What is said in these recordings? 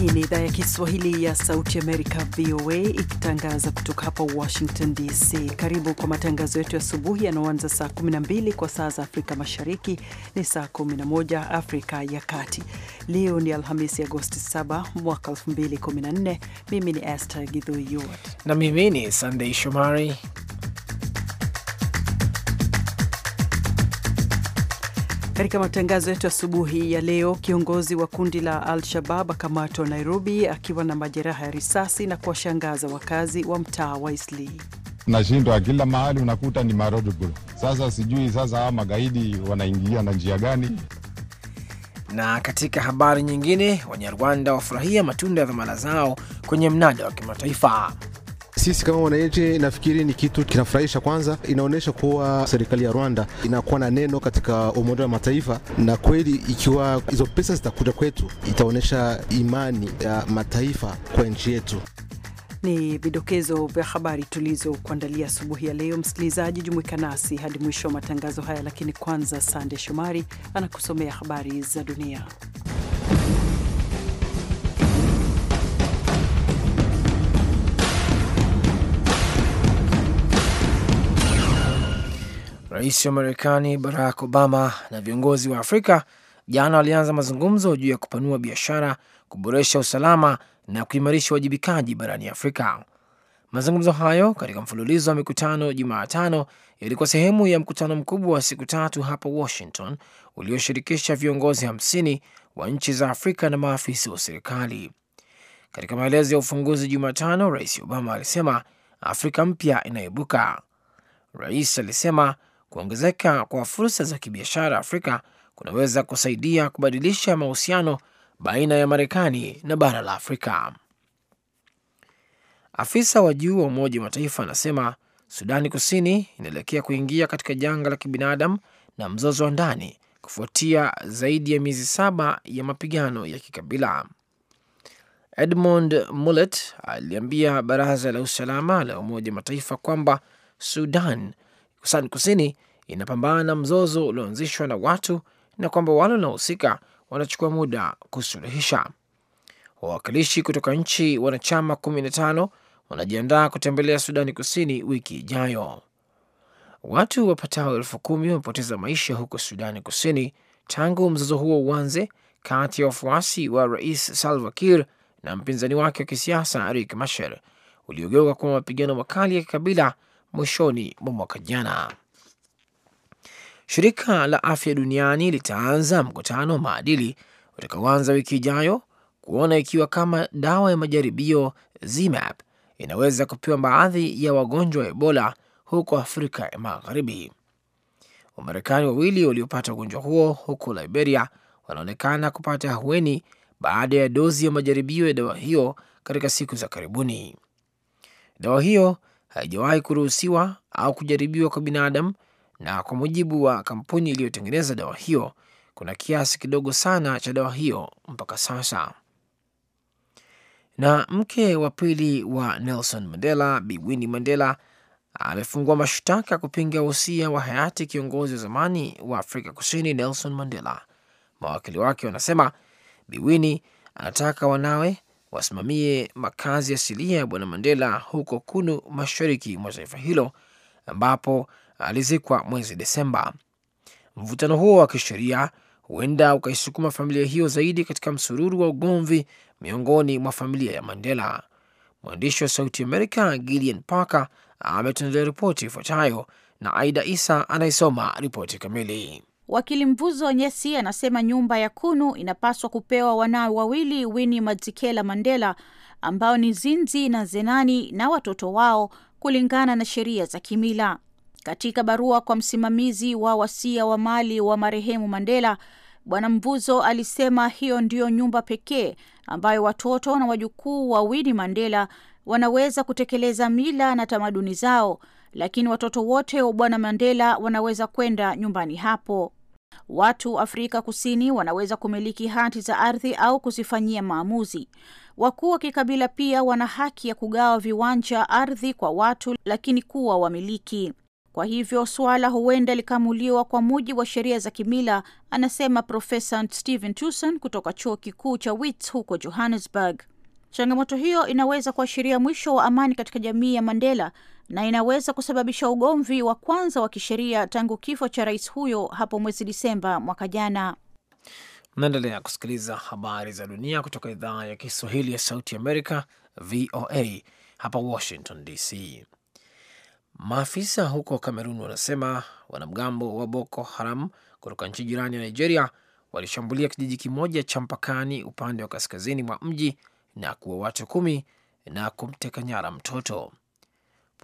Hii ni idhaa ya Kiswahili ya Sauti Amerika, VOA, ikitangaza kutoka hapa Washington DC. Karibu kwa matangazo yetu ya asubuhi yanaoanza saa 12 kwa saa za Afrika Mashariki, ni saa 11 Afrika ya Kati. Leo ni Alhamisi, Agosti 7 mwaka 2014. Mimi ni Esther Gidhuiyot na mimi ni Sandei Shomari Katika matangazo yetu asubuhi ya leo, kiongozi wa kundi la Al-Shabab akamatwa Nairobi akiwa na majeraha ya risasi na kuwashangaza wakazi wa mtaa wa Isli. Nashindwa kila mahali unakuta ni marodugu. Sasa sijui sasa hawa magaidi wanaingia na njia gani? Na katika habari nyingine, Wanyarwanda wafurahia matunda ya dhamana zao kwenye mnada wa kimataifa sisi kama wananchi, nafikiri ni kitu kinafurahisha. Kwanza inaonyesha kuwa serikali ya Rwanda inakuwa na neno katika Umoja wa Mataifa, na kweli ikiwa hizo pesa zitakuja kwetu itaonyesha imani ya mataifa kwa nchi yetu. Ni vidokezo vya habari tulizokuandalia asubuhi ya leo. Msikilizaji, jumuika nasi hadi mwisho wa matangazo haya, lakini kwanza, Sande Shomari anakusomea habari za dunia. Rais wa Marekani Barack Obama na viongozi wa Afrika jana walianza mazungumzo juu ya kupanua biashara, kuboresha usalama na kuimarisha uwajibikaji barani Afrika. Mazungumzo hayo katika mfululizo wa mikutano Jumatano yalikuwa sehemu ya mkutano mkubwa wa siku tatu hapa Washington ulioshirikisha viongozi hamsini wa nchi za Afrika na maafisa wa serikali. Katika maelezo ya ufunguzi Jumatano, Rais Obama alisema Afrika mpya inaibuka. Rais alisema Kuongezeka kwa fursa za kibiashara Afrika kunaweza kusaidia kubadilisha mahusiano baina ya Marekani na bara la Afrika. Afisa wa juu wa Umoja wa Mataifa anasema Sudani Kusini inaelekea kuingia katika janga la kibinadamu na mzozo wa ndani kufuatia zaidi ya miezi saba ya mapigano ya kikabila. Edmund Mulet aliambia Baraza la Usalama la Umoja wa Mataifa kwamba Sudan Sudan Kusini inapambana na mzozo ulioanzishwa na watu na kwamba wale wanaohusika wanachukua muda kusuluhisha. Wawakilishi kutoka nchi wanachama 15 wanajiandaa kutembelea Sudani Kusini wiki ijayo. Watu wapatao elfu kumi wamepoteza maisha huko Sudani Kusini tangu mzozo huo uanze kati ya wafuasi wa Rais Salva Kiir na mpinzani wake wa kisiasa Riek Machar uliogeuka kuwa mapigano makali ya kikabila mwishoni mwa mwaka jana. Shirika la Afya Duniani litaanza mkutano wa maadili utakaoanza wiki ijayo kuona ikiwa kama dawa ya majaribio ZMapp inaweza kupewa baadhi ya wagonjwa wa Ebola huko Afrika ya Magharibi. Wamarekani wawili waliopata ugonjwa huo huko Liberia wanaonekana kupata ahueni baada ya dozi ya majaribio ya dawa hiyo katika siku za karibuni. Dawa hiyo haijawahi kuruhusiwa au kujaribiwa kwa binadamu, na kwa mujibu wa kampuni iliyotengeneza dawa hiyo, kuna kiasi kidogo sana cha dawa hiyo mpaka sasa. Na mke wa pili wa Nelson Mandela, Bi Winnie Mandela, amefungua mashtaka kupinga uhusia wa hayati kiongozi wa zamani wa Afrika Kusini Nelson Mandela. Mawakili wake wanasema Bi Winnie anataka wanawe wasimamie makazi asilia ya Bwana Mandela huko Kunu, mashariki mwa taifa hilo ambapo alizikwa mwezi Desemba. Mvutano huo wa kisheria huenda ukaisukuma familia hiyo zaidi katika msururu wa ugomvi miongoni mwa familia ya Mandela. Mwandishi wa Sauti Amerika Gillian Parker ametendelea ripoti ifuatayo, na Aida Isa anayesoma ripoti kamili. Wakili Mvuzo Nyesi anasema nyumba ya Kunu inapaswa kupewa wanawe wawili Winnie Madikela Mandela ambao ni Zinzi na Zenani na watoto wao kulingana na sheria za kimila. Katika barua kwa msimamizi wa wasia wa mali wa marehemu Mandela, Bwana Mvuzo alisema hiyo ndiyo nyumba pekee ambayo watoto na wajukuu wa Winnie Mandela wanaweza kutekeleza mila na tamaduni zao, lakini watoto wote wa Bwana Mandela wanaweza kwenda nyumbani hapo. Watu Afrika Kusini wanaweza kumiliki hati za ardhi au kuzifanyia maamuzi. Wakuu wa kikabila pia wana haki ya kugawa viwanja ardhi kwa watu, lakini kuwa wamiliki. Kwa hivyo suala huenda likaamuliwa kwa mujibu wa sheria za kimila, anasema Profesa Stephen Tuson kutoka chuo kikuu cha Wits huko Johannesburg. Changamoto hiyo inaweza kuashiria mwisho wa amani katika jamii ya Mandela na inaweza kusababisha ugomvi wa kwanza wa kisheria tangu kifo cha rais huyo hapo mwezi Disemba mwaka jana. naendelea kusikiliza habari za dunia kutoka idhaa ya Kiswahili ya Sauti Amerika, VOA hapa Washington DC. Maafisa huko Kamerun wanasema wanamgambo wa Boko Haram kutoka nchi jirani ya Nigeria walishambulia kijiji kimoja cha mpakani upande wa kaskazini mwa mji na kuwa watu kumi na kumteka nyara mtoto.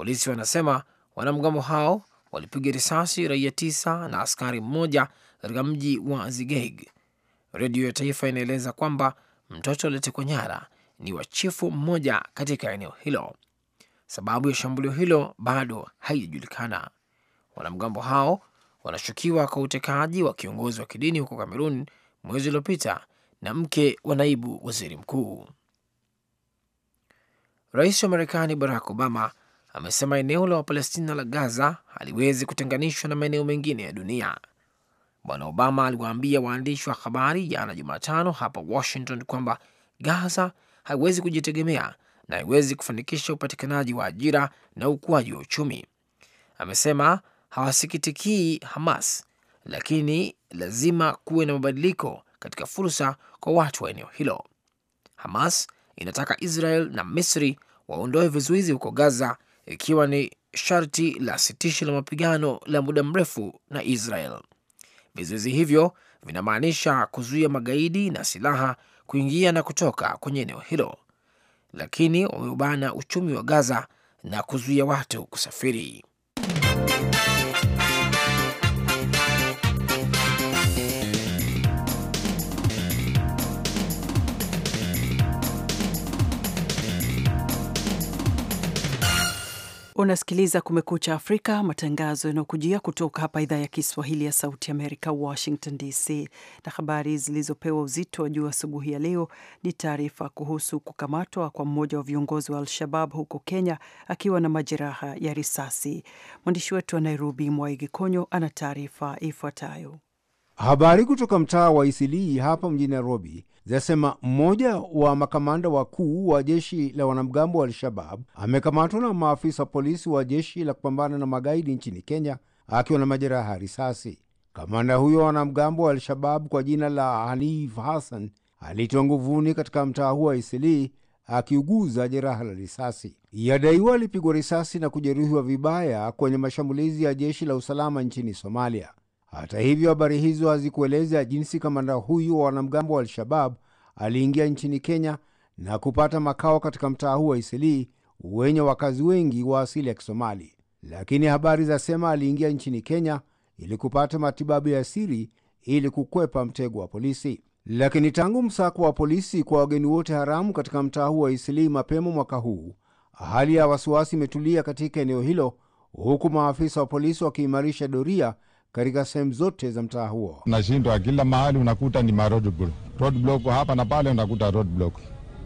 Polisi wanasema wanamgambo hao walipiga risasi raia tisa na askari mmoja katika mji wa Zigeig. Redio ya taifa inaeleza kwamba mtoto aliyetekwa nyara ni wa chifu mmoja katika eneo hilo. Sababu ya shambulio hilo bado haijajulikana. Wanamgambo hao wanashukiwa kwa utekaji wa kiongozi wa kidini huko Kamerun mwezi uliopita na mke wa naibu waziri mkuu. Rais wa Marekani Barack Obama amesema eneo la Wapalestina la Gaza haliwezi kutenganishwa na maeneo mengine ya dunia. Bwana Obama aliwaambia waandishi wa habari jana Jumatano hapa Washington kwamba Gaza haiwezi kujitegemea na haiwezi kufanikisha upatikanaji wa ajira na ukuaji wa uchumi. Amesema hawasikitikii Hamas, lakini lazima kuwe na mabadiliko katika fursa kwa watu wa eneo hilo. Hamas inataka Israel na Misri waondoe vizuizi huko Gaza ikiwa ni sharti la sitisho la mapigano la muda mrefu na Israel. Vizuizi hivyo vinamaanisha kuzuia magaidi na silaha kuingia na kutoka kwenye eneo hilo, lakini wameubana uchumi wa Gaza na kuzuia watu kusafiri. Unasikiliza Kumekucha Afrika, matangazo yanayokujia kutoka hapa idhaa ya Kiswahili ya Sauti Amerika, Washington DC. Na habari zilizopewa uzito wa juu asubuhi ya leo ni taarifa kuhusu kukamatwa kwa mmoja wa viongozi wa Al-Shabab huko Kenya akiwa na majeraha ya risasi. Mwandishi wetu wa Nairobi, Mwaigi Konyo, ana taarifa ifuatayo. Habari kutoka mtaa wa Isilii hapa mjini Nairobi zinasema mmoja wa makamanda wakuu wa jeshi la wanamgambo wa Al-Shabab amekamatwa na maafisa wa polisi wa jeshi la kupambana na magaidi nchini Kenya akiwa na majeraha ya risasi. Kamanda huyo wa wanamgambo wa Al-Shabab kwa jina la Hanif Hassan alitiwa nguvuni katika mtaa huo wa Isilii akiuguza jeraha la risasi. Yadaiwa alipigwa risasi na kujeruhiwa vibaya kwenye mashambulizi ya jeshi la usalama nchini Somalia. Hata hivyo, habari hizo hazikueleza jinsi kamanda huyu wa wanamgambo wa Al-Shabab aliingia nchini Kenya na kupata makao katika mtaa huu wa Isilii wenye wakazi wengi wa asili ya Kisomali, lakini habari zasema aliingia nchini Kenya ili kupata matibabu ya siri ili kukwepa mtego wa polisi. Lakini tangu msako wa polisi kwa wageni wote haramu katika mtaa huu wa Isilii mapema mwaka huu, hali ya wasiwasi imetulia katika eneo hilo, huku maafisa wa polisi wakiimarisha doria katika sehemu zote za mtaa huo. Nashindwa kila mahali, unakuta ni maroadblock, hapa na pale, unakuta roadblock.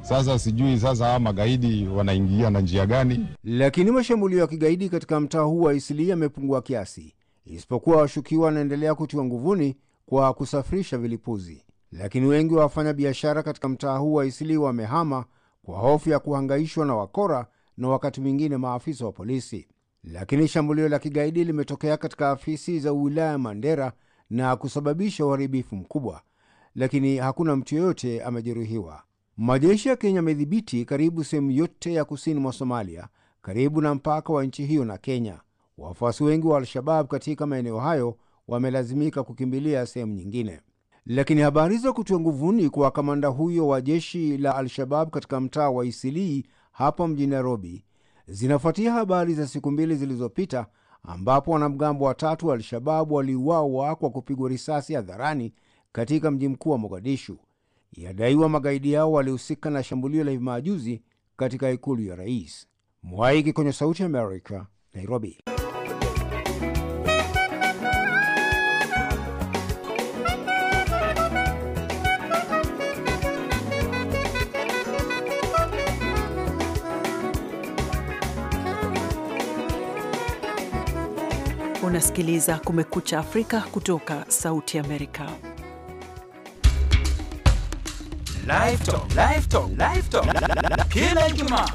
Sasa sijui sasa hawa magaidi wanaingia na njia gani? Lakini mashambulio ya kigaidi katika mtaa huu wa isli yamepungua kiasi, isipokuwa washukiwa wanaendelea kutiwa nguvuni kwa kusafirisha vilipuzi. Lakini wengi wa wafanya biashara katika mtaa huu wa isli wamehama kwa hofu ya kuhangaishwa na wakora na wakati mwingine maafisa wa polisi lakini shambulio la kigaidi limetokea katika afisi za wilaya ya Mandera na kusababisha uharibifu mkubwa, lakini hakuna mtu yoyote amejeruhiwa. Majeshi ya Kenya amedhibiti karibu sehemu yote ya kusini mwa Somalia, karibu na mpaka wa nchi hiyo na Kenya. Wafuasi wengi wa Al-Shabab katika maeneo hayo wamelazimika kukimbilia sehemu nyingine, lakini habari za kutia nguvuni kwa kamanda huyo wa jeshi la Al-Shabab katika mtaa wa Isilii hapa mjini Nairobi Zinafuatia habari za siku mbili zilizopita ambapo wanamgambo watatu wa Al-Shababu waliuawa kwa kupigwa risasi hadharani katika mji mkuu wa Mogadishu. Yadaiwa magaidi yao walihusika na shambulio la hivimaajuzi katika ikulu ya rais. Mwaiki kwenye Sauti america Nairobi. Unasikiliza Kumekucha Afrika kutoka Sauti Amerika. Kila Ijumaa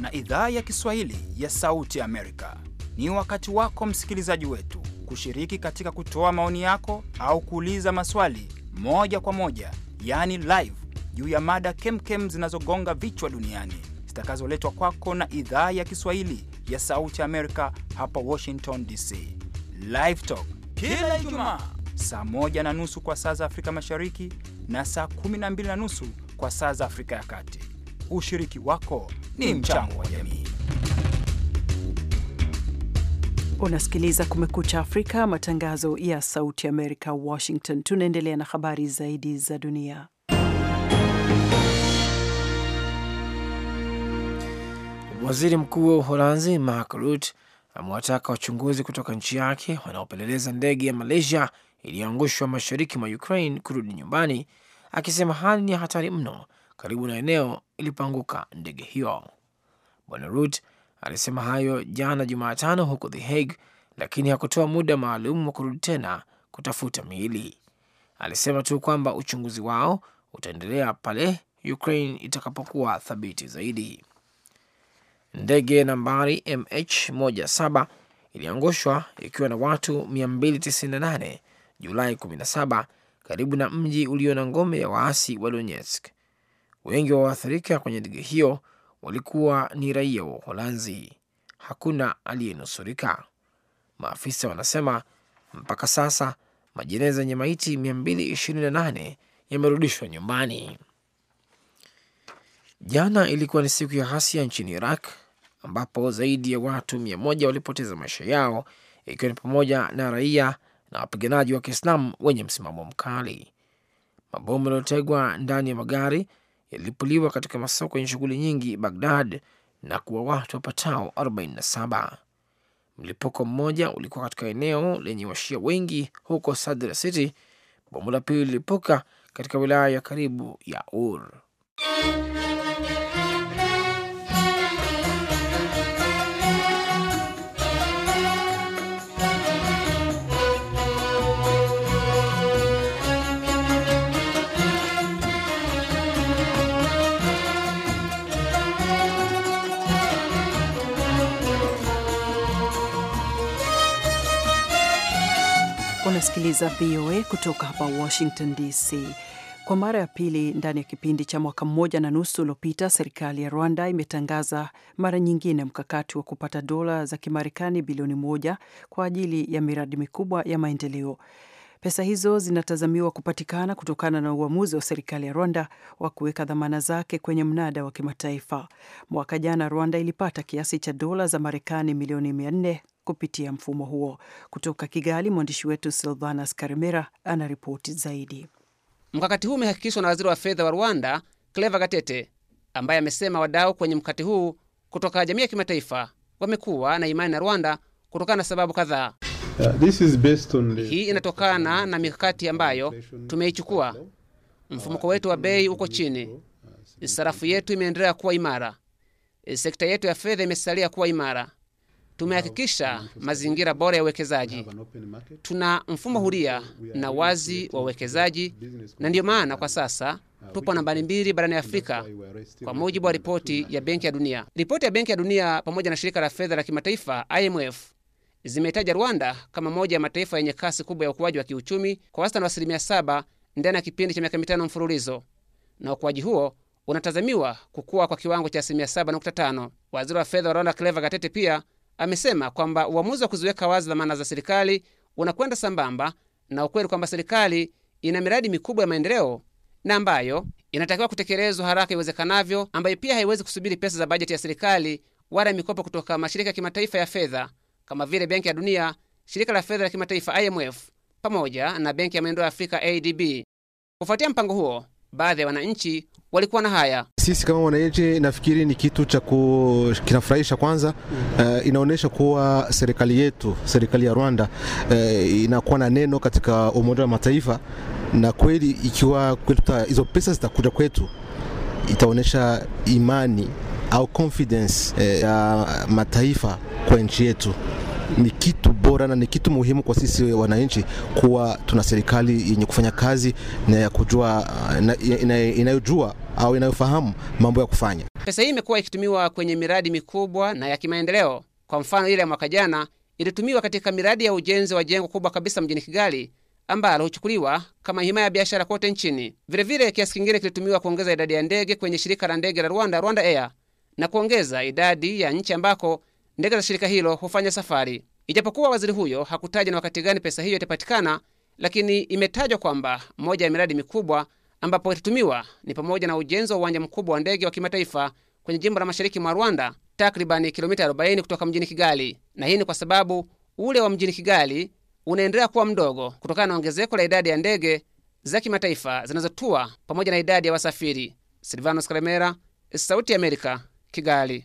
na idhaa ya Kiswahili ya Sauti Amerika ni wakati wako msikilizaji wetu kushiriki katika kutoa maoni yako au kuuliza maswali moja kwa moja, yaani live, juu ya mada kemkem zinazogonga vichwa duniani zitakazoletwa kwako na idhaa ya Kiswahili ya Sauti Amerika hapa Washington DC. Live Talk kila Ijumaa saa moja na nusu kwa saa za Afrika Mashariki na saa kumi na mbili na nusu kwa saa za Afrika ya Kati. Ushiriki wako ni mchango wa jamii. Unasikiliza Kumekucha Afrika, matangazo ya Sauti Amerika, Washington. Tunaendelea na habari zaidi za dunia. Waziri Mkuu wa Uholanzi Mark Rutte amewataka wachunguzi kutoka nchi yake wanaopeleleza ndege ya Malaysia iliyoangushwa mashariki mwa Ukraine kurudi nyumbani, akisema hali ni ya hatari mno karibu na eneo ilipoanguka ndege hiyo. Bwana Rutte alisema hayo jana Jumatano huko The Hague, lakini hakutoa muda maalum wa kurudi tena kutafuta miili. Alisema tu kwamba uchunguzi wao utaendelea pale Ukraine itakapokuwa thabiti zaidi. Ndege nambari MH17 iliangushwa ikiwa na watu 298 Julai 17 karibu na mji ulio na ngome ya waasi wa Donetsk. Wengi wa waathirika kwenye ndege hiyo walikuwa ni raia wa Uholanzi. Hakuna aliyenusurika. Maafisa wanasema mpaka sasa majeneza yenye maiti 228 yamerudishwa nyumbani. Jana ilikuwa ni siku ya ghasia nchini Iraq ambapo zaidi ya watu mia moja walipoteza maisha yao ikiwa ni pamoja na raia na wapiganaji wa Kiislamu wenye msimamo mkali. Mabomu yaliyotegwa ndani ya magari yalilipuliwa katika masoko yenye shughuli nyingi Bagdad na kuwa watu wapatao 47. Mlipuko mmoja ulikuwa katika eneo lenye washia wengi huko Sadra City. Bomu la pili lilipuka katika wilaya ya karibu ya Ur. Unasikiliza VOA kutoka hapa Washington DC. Kwa mara ya pili ndani ya kipindi cha mwaka mmoja na nusu uliopita, serikali ya Rwanda imetangaza mara nyingine mkakati wa kupata dola za Kimarekani bilioni moja kwa ajili ya miradi mikubwa ya maendeleo. Pesa hizo zinatazamiwa kupatikana kutokana na uamuzi wa serikali ya Rwanda wa kuweka dhamana zake kwenye mnada wa kimataifa. Mwaka jana Rwanda ilipata kiasi cha dola za Marekani milioni 400 kupitia mfumo huo. Kutoka Kigali, mwandishi wetu Silvanas Karimera anaripoti zaidi. Mkakati huu umehakikishwa na waziri wa fedha wa Rwanda Cleva Gatete ambaye amesema wadau kwenye mkakati huu kutoka jamii ya kimataifa wamekuwa na imani na Rwanda kutokana na sababu kadhaa. Uh, hii inatokana na mikakati ambayo tumeichukua. Mfumuko wetu wa bei uko chini, sarafu yetu imeendelea kuwa imara, sekta yetu ya fedha imesalia kuwa imara, Tumehakikisha mazingira bora ya uwekezaji, tuna mfumo huria na wazi wa uwekezaji, na ndiyo maana kwa sasa uh, tupo nambari mbili barani Afrika kwa mujibu wa ripoti ya Benki ya Dunia. Ripoti ya Benki ya Dunia pamoja na shirika la fedha la kimataifa IMF zimehitaja Rwanda kama moja ya mataifa yenye kasi kubwa ya ukuaji wa kiuchumi kwa wastani wa asilimia saba ndani ya kipindi cha miaka mitano mfululizo, na ukuaji huo unatazamiwa kukua kwa kiwango cha asilimia saba nukta tano. Waziri wa fedha wa Rwanda Cleva Gatete pia amesema kwamba uamuzi wa kuziweka wazi dhamana za serikali unakwenda sambamba na ukweli kwamba serikali ina miradi mikubwa ya maendeleo na ambayo inatakiwa kutekelezwa haraka iwezekanavyo, ambayo pia haiwezi kusubiri pesa za bajeti ya serikali wala mikopo kutoka mashirika ya kimataifa ya fedha kama vile Benki ya Dunia, Shirika la Fedha la Kimataifa IMF pamoja na Benki ya Maendeleo ya Afrika ADB. Kufuatia mpango huo baadhi ya wananchi walikuwa na haya. Sisi kama wananchi, nafikiri ni kitu cha kinafurahisha kwanza. Uh, eh, inaonyesha kuwa serikali yetu, serikali ya Rwanda uh, inakuwa na neno katika Umoja wa Mataifa, na kweli ikiwa hizo pesa zitakuja kwetu, itaonyesha imani au confidence eh, ya uh, mataifa kwa nchi yetu ni kitu bora na ni kitu muhimu kwa sisi wananchi kuwa tuna serikali yenye kufanya kazi na ya kujua inayojua au inayofahamu mambo ya kufanya. Pesa hii imekuwa ikitumiwa kwenye miradi mikubwa na ya kimaendeleo. Kwa mfano, ile ya mwaka jana ilitumiwa katika miradi ya ujenzi wa jengo kubwa kabisa mjini Kigali ambalo huchukuliwa kama himaya ya biashara kote nchini. Vilevile, kiasi kingine kilitumiwa kuongeza idadi ya ndege kwenye shirika la ndege la Rwanda, Rwanda Air, na kuongeza idadi ya nchi ambako ndege za shirika hilo hufanya safari. Ijapokuwa waziri huyo hakutaja na wakati gani pesa hiyo itapatikana, lakini imetajwa kwamba moja ya miradi mikubwa ambapo itatumiwa ni pamoja na ujenzi wa uwanja mkubwa wa ndege wa kimataifa kwenye jimbo la mashariki mwa Rwanda, takribani kilomita 40 kutoka mjini Kigali. Na hii ni kwa sababu ule wa mjini Kigali unaendelea kuwa mdogo kutokana na ongezeko la idadi ya ndege za kimataifa zinazotua pamoja na idadi ya wasafiri. Silvanos Karemera, Sauti ya Amerika, Kigali.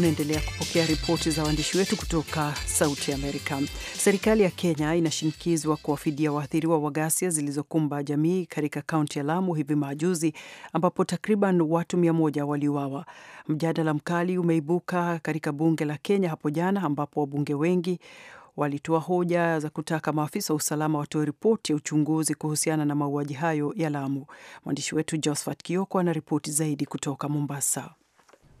Unaendelea kupokea ripoti za waandishi wetu kutoka Sauti ya Amerika. Serikali ya Kenya inashinikizwa kuwafidia waathiriwa wa ghasia zilizokumba jamii katika kaunti ya Lamu hivi majuzi, ambapo takriban watu mia moja waliuawa. Mjadala mkali umeibuka katika bunge la Kenya hapo jana, ambapo wabunge wengi walitoa hoja za kutaka maafisa wa usalama watoe ripoti ya uchunguzi kuhusiana na mauaji hayo ya Lamu. Mwandishi wetu Josphat Kioko ana ripoti zaidi kutoka Mombasa.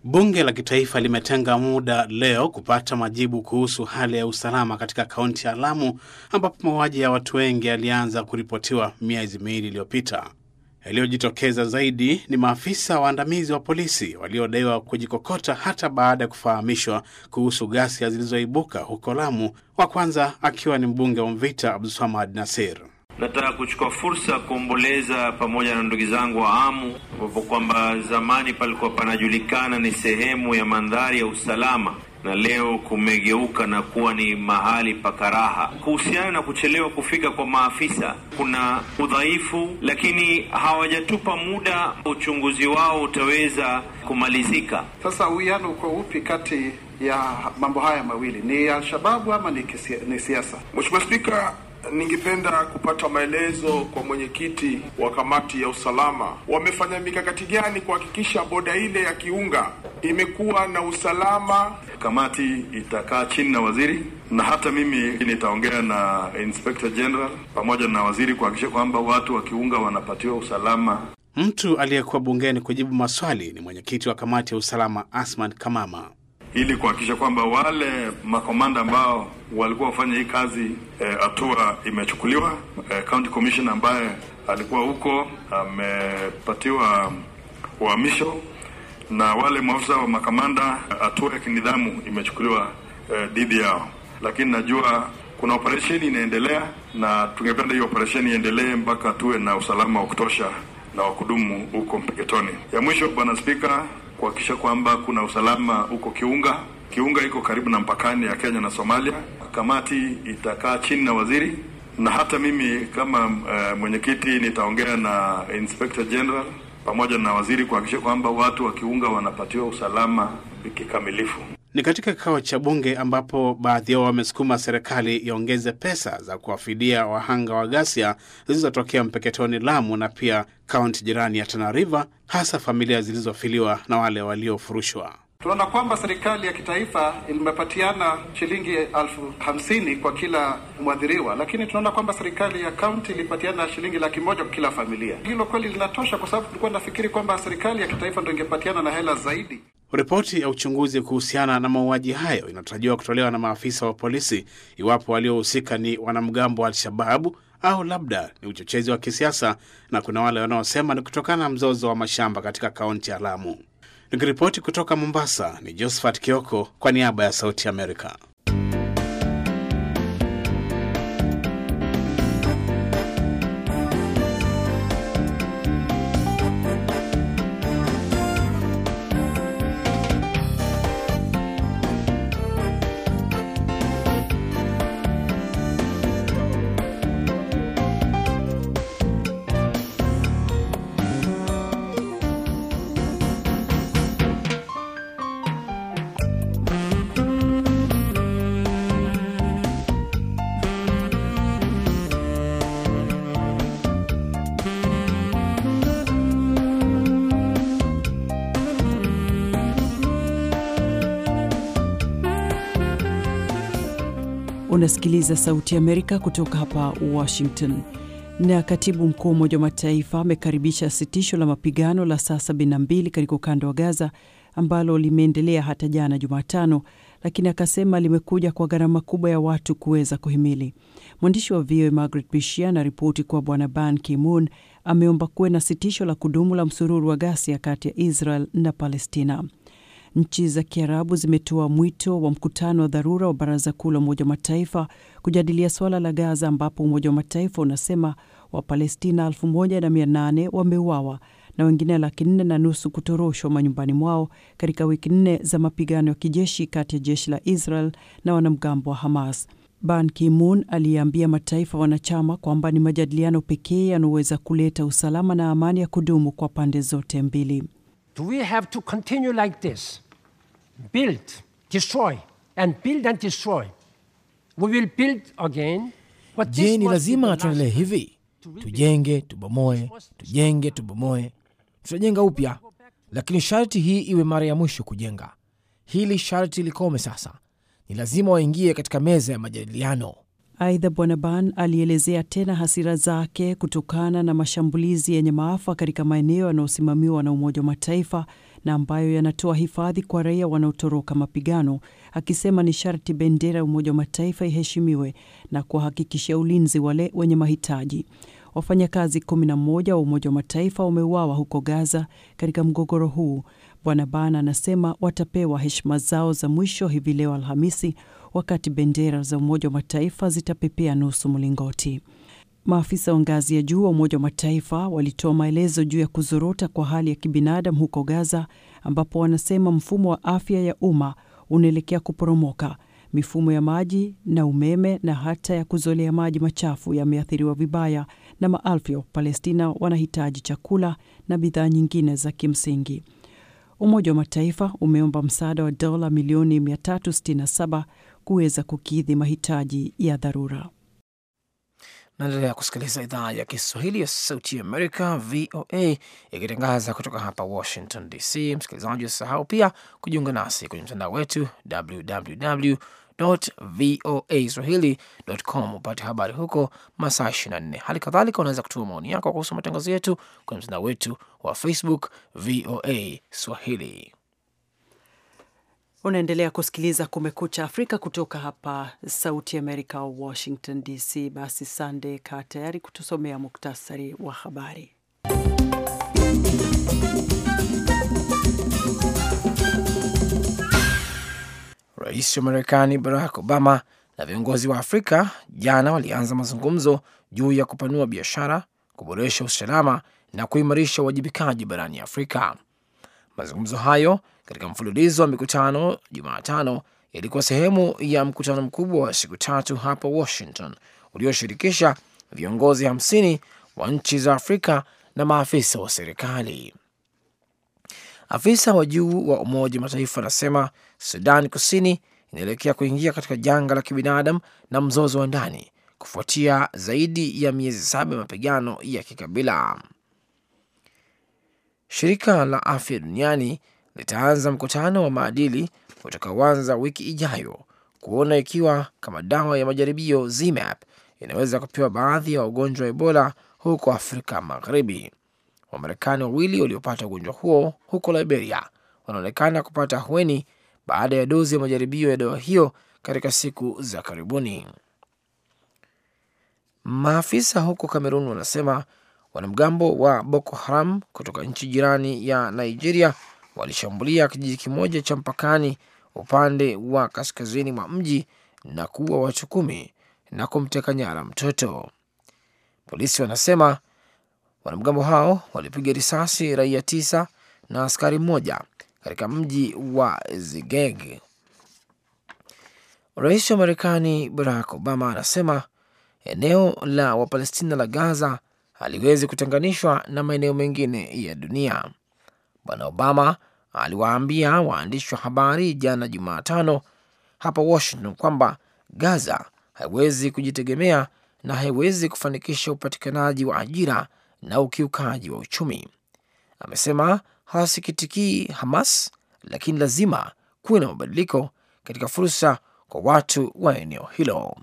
Bunge la kitaifa limetenga muda leo kupata majibu kuhusu hali ya usalama katika kaunti ya Lamu ambapo mauaji ya watu wengi yalianza kuripotiwa miezi miwili iliyopita. Yaliyojitokeza zaidi ni maafisa waandamizi wa polisi waliodaiwa kujikokota hata baada ya kufahamishwa kuhusu ghasia zilizoibuka huko Lamu, wa kwanza akiwa ni mbunge wa Mvita Abdulswamad Nasir. Nataka kuchukua fursa kuomboleza pamoja na ndugu zangu wa Amu, ambapo kwamba zamani palikuwa panajulikana ni sehemu ya mandhari ya usalama na leo kumegeuka na kuwa ni mahali pa karaha. Kuhusiana na kuchelewa kufika kwa maafisa, kuna udhaifu, lakini hawajatupa muda uchunguzi wao utaweza kumalizika. Sasa uwiano uko upi kati ya mambo haya mawili? Ni alshababu ama ni siasa? Mheshimiwa Spika, Ningependa kupata maelezo kwa mwenyekiti wa kamati ya usalama, wamefanya mikakati gani kuhakikisha boda ile ya Kiunga imekuwa na usalama? Kamati itakaa chini na waziri na hata mimi nitaongea na Inspector General pamoja na waziri kuhakikisha kwamba watu wa Kiunga wanapatiwa usalama. Mtu aliyekuwa bungeni kujibu maswali ni mwenyekiti wa kamati ya usalama Asman Kamama ili kuhakikisha kwamba wale makomanda ambao walikuwa wafanya hii kazi eh, hatua e, imechukuliwa. E, county commission ambaye alikuwa huko amepatiwa uhamisho na wale maafisa wa makamanda, hatua ya kinidhamu imechukuliwa e, dhidi yao, lakini najua kuna operesheni inaendelea, na tungependa hiyo operesheni iendelee mpaka tuwe na usalama wa kutosha na wakudumu huko Mpeketoni. Ya mwisho, Bwana Spika, kuhakikisha kwamba kuna usalama huko Kiunga. Kiunga iko karibu na mpakani ya Kenya na Somalia. Kamati itakaa chini na waziri na hata mimi kama uh, mwenyekiti nitaongea na Inspector General pamoja na waziri kuhakikisha kwamba watu wa Kiunga wanapatiwa usalama kikamilifu. Ni katika kikao cha bunge ambapo baadhi yao wamesukuma serikali iongeze pesa za kuwafidia wahanga wa ghasia zilizotokea Mpeketoni, Lamu na pia kaunti jirani ya Tana River, hasa familia zilizofiliwa na wale waliofurushwa. Tunaona kwamba serikali ya kitaifa ilimepatiana shilingi elfu hamsini kwa kila mwadhiriwa, lakini tunaona kwamba serikali ya kaunti ilipatiana shilingi laki moja kwa kila familia. Hilo kweli linatosha? Kwa sababu tulikuwa nafikiri kwamba serikali ya kitaifa ndo ingepatiana na hela zaidi. Ripoti ya uchunguzi kuhusiana na mauaji hayo inatarajiwa kutolewa na maafisa wa polisi iwapo waliohusika ni wanamgambo wa Al-Shababu au labda ni uchochezi wa kisiasa, na kuna wale wanaosema ni kutokana na mzozo wa mashamba katika kaunti ya Lamu. Nikiripoti kutoka Mombasa ni Josephat Kioko kwa niaba ya Sauti Amerika. Unasikiliza Sauti Amerika kutoka hapa Washington. Na katibu mkuu wa Umoja wa Mataifa amekaribisha sitisho la mapigano la saa 72 katika ukanda wa Gaza ambalo limeendelea hata jana Jumatano, lakini akasema limekuja kwa gharama kubwa ya watu kuweza kuhimili. Mwandishi wa VOA Margaret Bishia anaripoti kuwa Bwana Ban ki ameomba kuwe na sitisho la kudumu la msururu wa gasia kati ya Israel na Palestina. Nchi za Kiarabu zimetoa mwito wa mkutano wa dharura wa Baraza Kuu la Umoja wa Mataifa kujadilia suala la Gaza, ambapo Umoja wa Mataifa unasema Wapalestina 1800 wameuawa na wengine laki nne na nusu kutoroshwa manyumbani mwao katika wiki nne za mapigano ya kijeshi kati ya jeshi la Israel na wanamgambo wa Hamas. Ban Ki-moon aliyeambia mataifa wanachama kwamba ni majadiliano pekee yanaoweza kuleta usalama na amani ya kudumu kwa pande zote mbili. Do we have to continue like this? Build, destroy, and build and destroy. We will build again. Je, ni lazima tuendelee hivi? Tujenge, tubomoe, tujenge, tubomoe. Tutajenga upya, lakini sharti hii iwe mara ya mwisho kujenga. Hili sharti likome sasa. Ni lazima waingie katika meza ya majadiliano. Aidha, Bwana Ban alielezea tena hasira zake kutokana na mashambulizi yenye maafa katika maeneo yanayosimamiwa na Umoja wa Mataifa na ambayo yanatoa hifadhi kwa raia wanaotoroka mapigano, akisema ni sharti bendera ya Umoja wa Mataifa iheshimiwe na kuwahakikishia ulinzi wale wenye mahitaji. Wafanyakazi 11 wa Umoja wa Mataifa wameuawa huko Gaza katika mgogoro huu Bwana Bana anasema watapewa heshima zao za mwisho hivi leo Alhamisi, wakati bendera za Umoja wa Mataifa zitapepea nusu mlingoti. Maafisa wa ngazi ya juu wa Umoja wa Mataifa walitoa maelezo juu ya kuzorota kwa hali ya kibinadamu huko Gaza, ambapo wanasema mfumo wa afya ya umma unaelekea kuporomoka. Mifumo ya maji na umeme na hata ya kuzolea maji machafu yameathiriwa vibaya, na maelfu ya Palestina wanahitaji chakula na bidhaa nyingine za kimsingi. Umoja wa Mataifa umeomba msaada wa dola milioni 367 kuweza kukidhi mahitaji ya dharura. Naendelea kusikiliza idhaa ya Kiswahili ya Sauti Amerika, VOA, ikitangaza kutoka hapa Washington DC. Msikilizaji, usisahau pia kujiunga nasi kwenye mtandao wetu www voa swahili.com, upate habari huko masaa 24. Hali kadhalika unaweza kutuma maoni yako kuhusu matangazo yetu kwenye mtandao wetu wa Facebook VOA Swahili. Unaendelea kusikiliza Kumekucha Afrika kutoka hapa Sauti Amerika, Washington DC. Basi Sande, kaa tayari kutusomea muktasari wa habari. Rais wa Marekani Barack Obama na viongozi wa Afrika jana walianza mazungumzo juu ya kupanua biashara, kuboresha usalama na kuimarisha uwajibikaji barani Afrika. Mazungumzo hayo katika mfululizo wa mikutano Jumatano yalikuwa sehemu ya mkutano mkubwa wa siku tatu hapa Washington ulioshirikisha viongozi hamsini wa nchi za Afrika na maafisa wa serikali. Afisa wa juu wa Umoja wa Mataifa anasema Sudan Kusini inaelekea kuingia katika janga la kibinadamu na mzozo wa ndani kufuatia zaidi ya miezi saba ya mapigano ya kikabila. Shirika la Afya Duniani litaanza mkutano wa maadili utakaoanza wiki ijayo kuona ikiwa kama dawa ya majaribio ZMapp inaweza kupewa baadhi ya wagonjwa wa Ebola huko Afrika Magharibi. Wamarekani wawili waliopata ugonjwa huo huko Liberia wanaonekana kupata hweni baada ya dozi ya majaribio ya dawa hiyo katika siku za karibuni. Maafisa huko Kamerun wanasema wanamgambo wa Boko Haram kutoka nchi jirani ya Nigeria walishambulia kijiji kimoja cha mpakani upande wa kaskazini mwa mji na kuua watu kumi na kumteka nyara mtoto. Polisi wanasema wanamgambo hao walipiga risasi raia tisa na askari mmoja katika mji wa Zigeg. Rais wa Marekani Barack Obama anasema eneo la Wapalestina la Gaza haliwezi kutenganishwa na maeneo mengine ya dunia. Bwana Obama aliwaambia waandishi wa habari jana Jumatano hapa Washington kwamba Gaza haiwezi kujitegemea na haiwezi kufanikisha upatikanaji wa ajira na ukiukaji wa uchumi. Amesema hawasikitikii Hamas, lakini lazima kuwe na mabadiliko katika fursa kwa watu wa eneo hilo.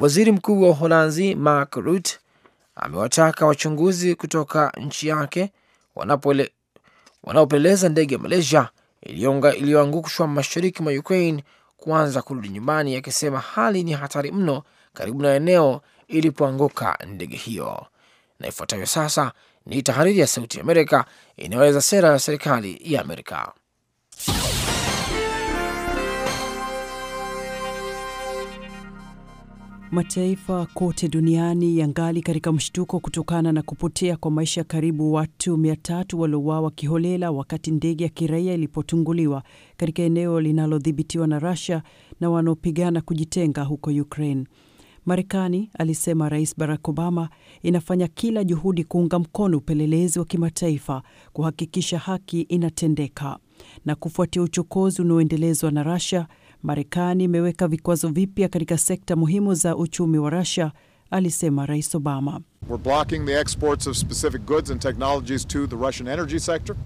Waziri Mkuu wa Uholanzi Mark Rutte amewataka wachunguzi kutoka nchi yake wanaopeleleza ndege ya Malaysia iliyoangushwa mashariki mwa Ukraine kuanza kurudi nyumbani, akisema hali ni hatari mno karibu na eneo ilipoanguka ndege hiyo. Na ifuatayo sasa ni tahariri ya Sauti Amerika inaweza sera ya serikali ya Amerika. Mataifa kote duniani yangali katika mshtuko kutokana na kupotea kwa maisha ya karibu watu 3 waliouawa kiholela wakati ndege ya kiraia ilipotunguliwa katika eneo linalodhibitiwa na rasia na wanaopigana kujitenga huko Ukraine. Marekani, alisema Rais Barack Obama, inafanya kila juhudi kuunga mkono upelelezi wa kimataifa kuhakikisha haki inatendeka. Na kufuatia uchokozi unaoendelezwa na Russia, Marekani imeweka vikwazo vipya katika sekta muhimu za uchumi wa Russia, alisema Rais Obama.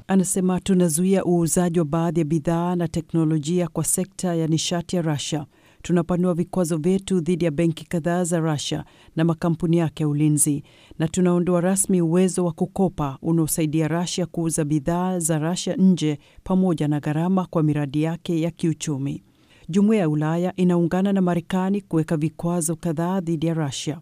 Anasema tunazuia uuzaji wa baadhi ya bidhaa na teknolojia kwa sekta ya nishati ya Russia tunapanua vikwazo vyetu dhidi ya benki kadhaa za rasia na makampuni yake ya ulinzi, na tunaondoa rasmi uwezo wa kukopa unaosaidia rasia kuuza bidhaa za Russia nje, pamoja na gharama kwa miradi yake ya kiuchumi. Jumuiya ya Ulaya inaungana na Marekani kuweka vikwazo kadhaa dhidi ya rusia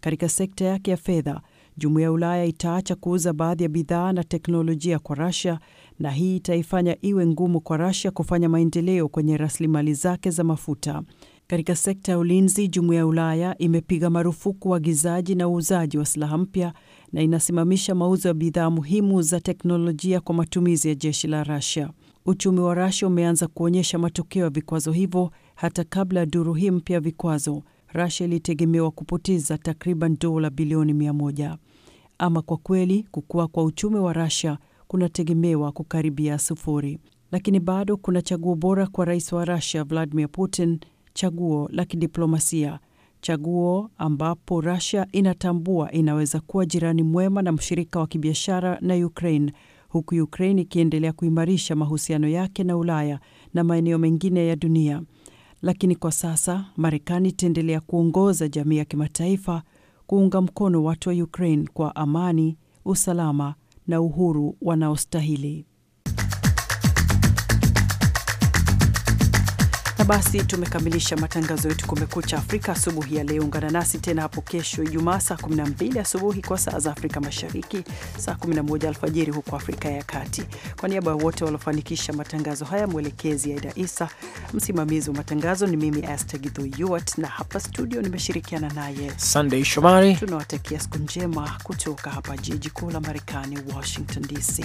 katika sekta yake ya fedha. Jumuiya ya Ulaya itaacha kuuza baadhi ya bidhaa na teknolojia kwa Russia na hii itaifanya iwe ngumu kwa rasia kufanya maendeleo kwenye rasilimali zake za mafuta. Katika sekta ya ulinzi, jumuiya ya Ulaya imepiga marufuku uagizaji na uuzaji wa silaha mpya na inasimamisha mauzo ya bidhaa muhimu za teknolojia kwa matumizi ya jeshi la Rasia. Uchumi wa Rasia umeanza kuonyesha matokeo ya vikwazo hivyo hata kabla ya duru hii mpya ya vikwazo. Rasia ilitegemewa kupoteza takriban dola bilioni 1 Ama kwa kweli, kukua kwa uchumi wa Rasia kunategemewa kukaribia sufuri, lakini bado kuna chaguo bora kwa rais wa Rasia Vladimir Putin chaguo la kidiplomasia, chaguo ambapo Russia inatambua inaweza kuwa jirani mwema na mshirika wa kibiashara na Ukraine, huku Ukraine ikiendelea kuimarisha mahusiano yake na Ulaya na maeneo mengine ya dunia. Lakini kwa sasa Marekani itaendelea kuongoza jamii ya kimataifa kuunga mkono watu wa Ukraine kwa amani, usalama na uhuru wanaostahili. basi tumekamilisha matangazo yetu Kumekucha Afrika asubuhi ya leo. Ungana nasi tena hapo kesho Ijumaa saa 12 asubuhi kwa saa za Afrika Mashariki, saa 11 alfajiri huko Afrika ya Kati. Kwa niaba ya wote waliofanikisha matangazo haya, mwelekezi Aida Isa, msimamizi wa matangazo ni mimi Astagidhuat, na hapa studio nimeshirikiana naye sandey Shomari. Tunawatakia siku njema kutoka hapa jiji kuu la Marekani, Washington DC.